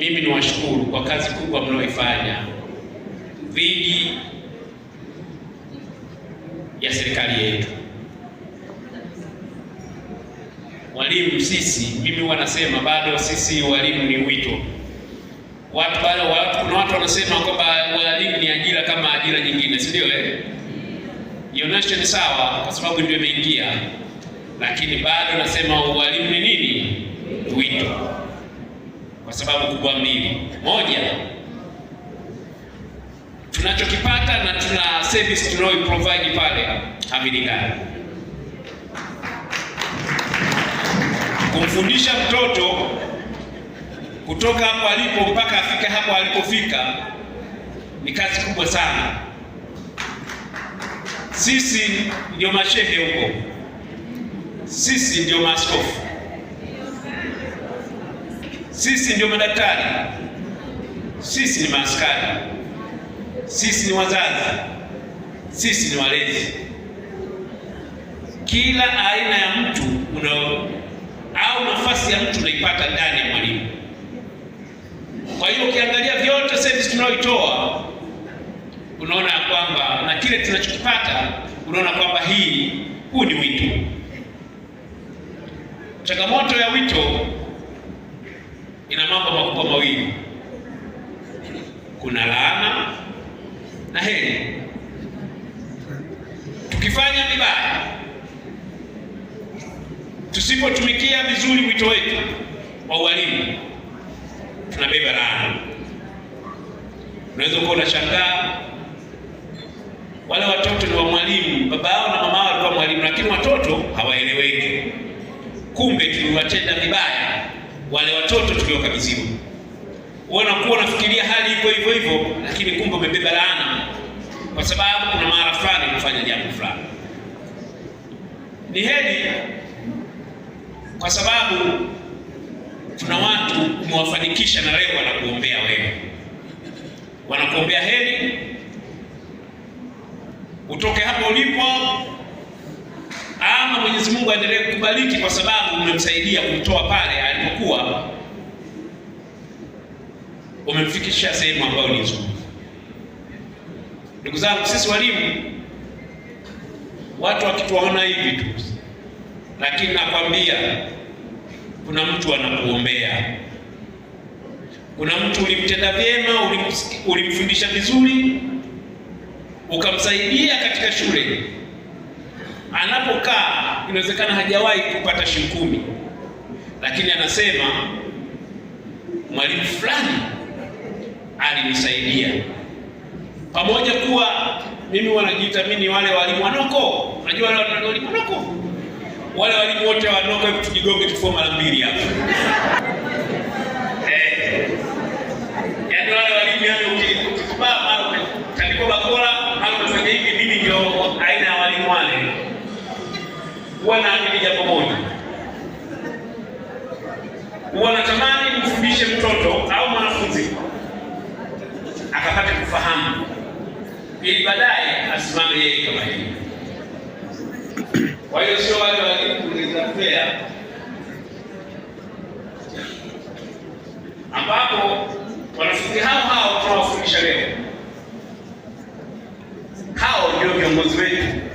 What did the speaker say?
mimi niwashukuru kwa kazi kubwa mnaoifanya dhidi ya serikali yetu. Walimu sisi, mimi wanasema bado sisi walimu ni wito. Watu bado kuna watu wanasema kwamba walimu ni ajira kama ajira nyingine, si ndio? Eh, ioneshwe ni sawa, kwa sababu ndio imeingia, lakini bado nasema walimu ni nini? Wito kwa sababu kubwa mbili. Moja, tunachokipata na tuna service tunayoi provide pale havilingani. Kumfundisha mtoto kutoka hapo alipo mpaka afike hapo alipofika ni kazi kubwa sana. Sisi ndio mashehe huko, sisi ndio maaskofu sisi ndio madaktari, sisi ni maaskari, sisi ni wazazi, sisi ni walezi. Kila aina ya mtu una au nafasi ya mtu unaipata ndani ya mwalimu. Kwa hiyo ukiangalia vyote service tunayoitoa unaona kwamba na kile tunachokipata unaona kwamba hii huu ni wito. Changamoto ya wito ina mambo makubwa mawili, kuna laana na heri. Tukifanya vibaya, tusipotumikia vizuri wito wetu wa ualimu, tunabeba laana. Unaweza kuwa unashangaa wale watoto ni wa mwalimu, baba yao na mama yao walikuwa mwalimu, lakini watoto hawaeleweki. Kumbe tuliwatenda vibaya wale watoto tuliokabidhiwa. wanakuwa unafikiria hali iko hivyo hivyo, lakini kumbe umebeba laana, kwa sababu kuna mara fulani kufanya jambo fulani. Ni heri kwa sababu kuna watu umewafanikisha, na leo wanakuombea wewe, wanakuombea heri utoke hapo ulipo, ama Mwenyezi Mungu aendelee kukubariki kwa sababu umemsaidia kumtoa pale alipokuwa umemfikisha sehemu ambayo ni nzuri. Ndugu zangu, sisi walimu watu wakituona hivi tu, lakini nakwambia kuna mtu anakuombea, kuna mtu ulimtenda vyema, ulimfundisha vizuri, ukamsaidia katika shule. Anapokaa inawezekana hajawahi kupata shilingi kumi, lakini anasema mwalimu fulani alinisaidia pamoja kuwa mimi wanajiita mimi wale walimu wanoko. Unajua wale walimu wanoko, wale walimu wote wanoko, hebu tujigonge mara mbili hapa eh, yaani wale walimu yani ukisubaa mara au hivi, mimi ndio aina ya walimu wale. Huwa naamini jambo moja, huwa natamani mfundishe mtoto apate kufahamu, ili baadaye asimame yeye kama hivi. Kwa hiyo sio wale walimu kuuliza fea, ambapo wanafunzi hao hao tunawafundisha leo, hao ndio viongozi wetu.